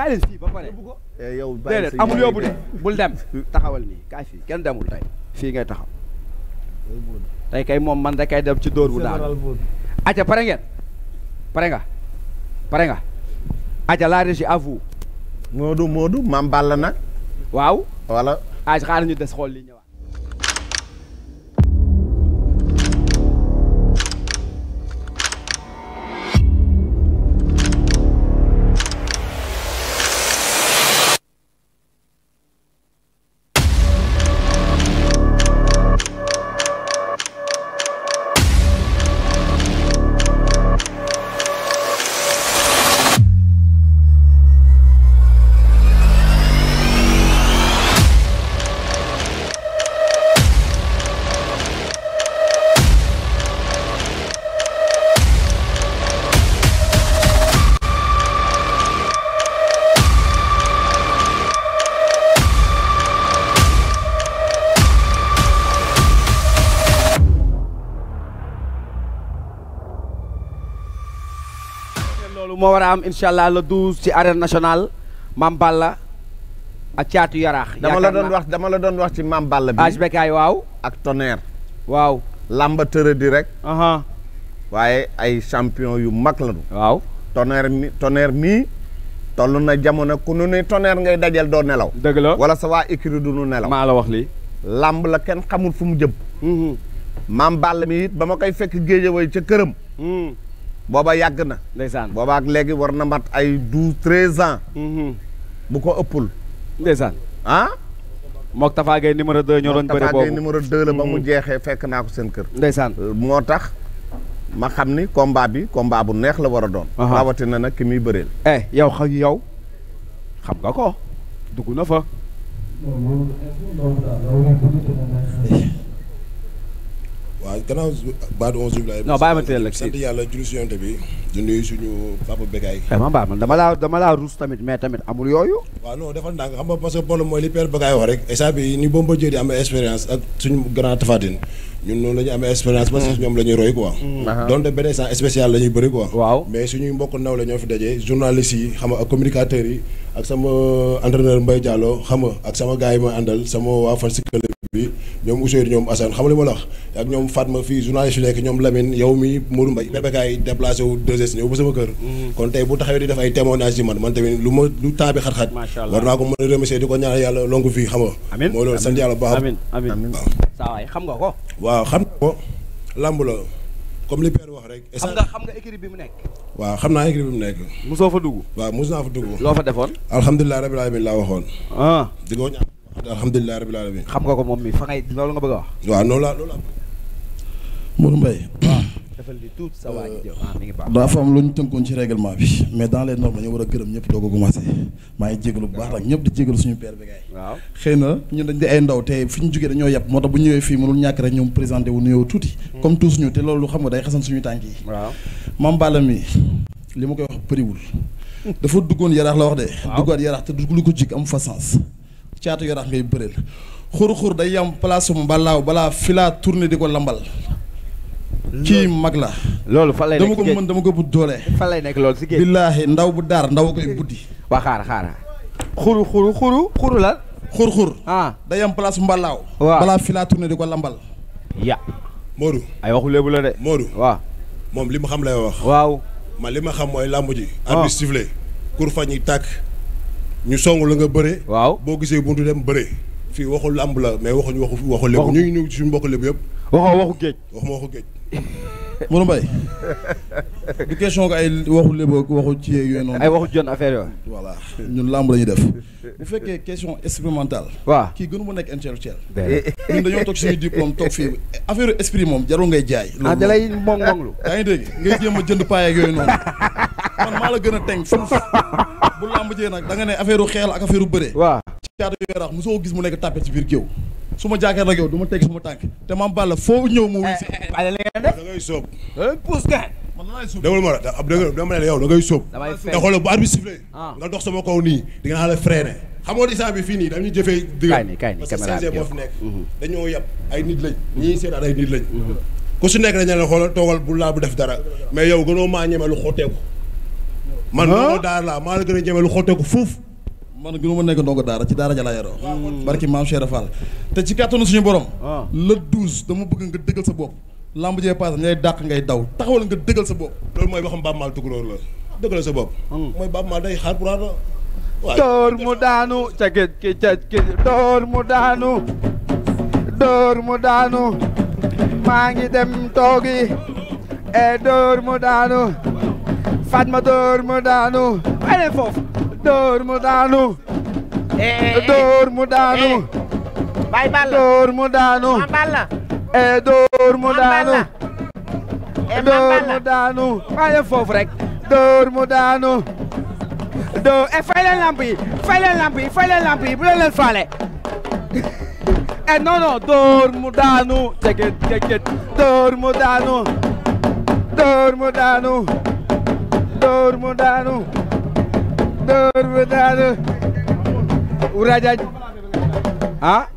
kaay leen fii ba pare eh, yow déedéet amul yóbbu de bul dem taxawal nii kaay fii kenn demul tey fii ngay taxaw tey kay moom man da kay dem ci dóor bu daal aca pare ngeen pare nga pare nga aca la régie à vous moodu Modou maam Balla nag waaw wala aj xaar ñu des xool li ñëwaat loolu moo war a am incha allah le 12 ci arène national Mame Balla ak caatu yaraax. dama la doon wax dama la doon wax ci Mame Balla bi. waaw. ak tonnerre. waaw. lamba tërë di rek. waaye ay champion yu mag la ñu. waaw tonnerre mi tonnerre mii. toll na jamono ku nu ne tonnerre ngay dajal doo nelaw. dëgg la wala sa waa écurie du nelaw. maa la wax lii. làmb la kenn xamul fu mu jëm. Mhm. Mame Balla mi it ba ma koy fekk géejewaay ca këram. Mhm. booba yàgg na. ndeysaan booba ak léegi war na mat ay douze treize ans. bu ko ëppul. ndeysaan ah. mook Tafa Gueye numéro 2 ñoo doon bëri boobu jeexee fekk naa seen kër. moo tax ma xam ni combat bi combat bu neex la war a doon. rawatina nag ki muy bëreel. eh yow xam yow xam nga ko dugg na fa. gannaaw baatu 11 juillet laay. non bàyyi ma teel rek sant tamit mais tamit amul yooyu. waaw non dafa ndànk xam nga parce que problème mooy li père Begaay wax rek. grand Tafatine ñun noonu la ñu amee expérience. parce que ñoom la ñuy roy quoi. Mm. donte benn instant spécial la ñuy bëri mais suñuy mbokk ndaw ñoo fi dajee journalistes yi xam nga ak communicateurs yi ak sama entraîneur Mbaye Diallo xam ak sama gars yi ma àndal sama waa fan bi ñoom Ousseynou ñoom Assane xam nga li ma la wax ak ñoom Fatma fii journaliste yu nekk ñoom Lamine yow mi Modou Mbaye bébékaay déplacé wu 2S ñëw ba sama kër mm-hmm. kon tey bu taxawee di def ay témoignage ci man man tamit lu ma lu temps bi xat-xat war naa ko mën a remercier di ko ñaan yàlla longu fii xam nga mooy loolu sant baax saa xam nga ko waaw xam nga ko làmb la comme li père wax rek. xam nga xam nga écurie bi mu nekk. waaw fa dugg. waaw mos naa fa dugg. alhamdulilah rabil alamin xam nga ko moom mi fa ngay loolu nga bëgg a wax. waaw noonu laa loolu laa bëgg. Mourou Mbaye. waaw defal li tuut sa waa ji euh, ah, mi ngi baax. ñu tënkoon ci réglement bi mais dans les normes dañu war a gërëm ñëpp doo ko commencé maa ngi jégalu bu baax nag ñëpp di jégalu suñu père bi gaay. waaw xëy na ñun dañ di ay ndaw te fi ñu jugee dañoo yàpp moo tax bu ñëwee fii mënul ñàkk rek ñoom présenté wu nuyoo tuuti. Hmm. comme tous ñu te loolu xam nga day xasan suñu tànk yi. waaw Mame Balla mi li ma koy wax bëriwul dafa duggoon yaraax la wax de. waaw duggaat yaraax te du ko jig am fa sens caatu yaraax ngay bëreel xur-xur day yam place mbalaaw balaa fi laa di ko lambal. kii la. loolu fan lay nekk ko mën dama ko bu doole. nekk loolu si ndaw bu daar ndaw koy buddi. waa xaar xaar xuru xuru xuru. xuru la. xur-xur. Ah. day am place mbalaaw. waaw balaa fi laa di ko lambal. ya Modou. ay waxu lébu la de. Modou waaw. moom li ma xam lay wax. waaw man li ma xam mooy làmb ji. waaw arbitre ah. kur fañ yi tàkk. ñu song la nga bëree. waaw boo gisee buntu dem bëree. fii waxu làmb la mais waxuñu waxu waxu lépp ñu ngi ñëw ci suñu mbokk lépp yëpp. waxoo waxu géej. waxuma waxu géej. Mourou Mbaye du question ko ay waxu lépp ci yooyu ay waxu jon affaire yooyu. voilà ñun làmb la ñuy def. bu fekkee question expérimentale. waaw kii gënu ma nekk intellectuel. ñun dañoo toog suñu diplôme toog fii affaire esprit moom jarul ngay jaay. ah da lay mong mong lu. yaa ngi dégg ngay jéem jënd paay ak yooyu noonu man maa la gën a teg fuuf. bu làmb jee nag da nga ne affaire xeel ak affaire bëree. waaw ci caatu yaraax mosoo gis mu nekk tapé ci biir géew su ma jaakaar nag yow du ma teg suma tànk te maam Balla foo ñëw mu wuy si. Eh, eh, da ngay sóob. ma da dama ne da ngay sóob. damay fay te xoolal bu arbitre bi ah. nga dox sama kaw nii di nga xaale freiné. xam nga instant bi fii nii dañuy jëfee. digal parce que CNG moo fi nekk. Mhm. dañoo yab ay nit lañ. Mhm. ñii seetaan mhm. si nekk dañu leen xoolal toogal bu laa bu def dara mais yow gënoo maa ñeme lu xotteeku man ndongo daara laa maa gën a jëmee lu xotteeku fuuf man gënu ma nekk ndongo daara ci daara ja laa yaroo hmm. hmm. barki maam Cheikh Fall te ci kàttanu suñu borom ah. le douze dama bëgg nga dëggal sa bopp lamb jee paase ngay dàq ngay daw taxawal nga sa bopp loolu mooy waxam Baaba Maal tukulóor la dëggal sa bopp hmm. mooy Baaba Maal day la door mu daanu ca géej ki ca ki door mu daanu door mu daanu maa ngi dem toogi e door mu daanu Fatma dóor mu daanu waaye leen foofu dóor mu daanu dóor mu daanu bay balla dóor mu daanu mu daanu dóor mu daanu waaye leen foofu rek dóor mu daanu dóor e bu leen leen faale e non mu daanu jege jege dóor mu daanu dóor mu daanu dóor mu daanu dóor mu daanu urajaaj ah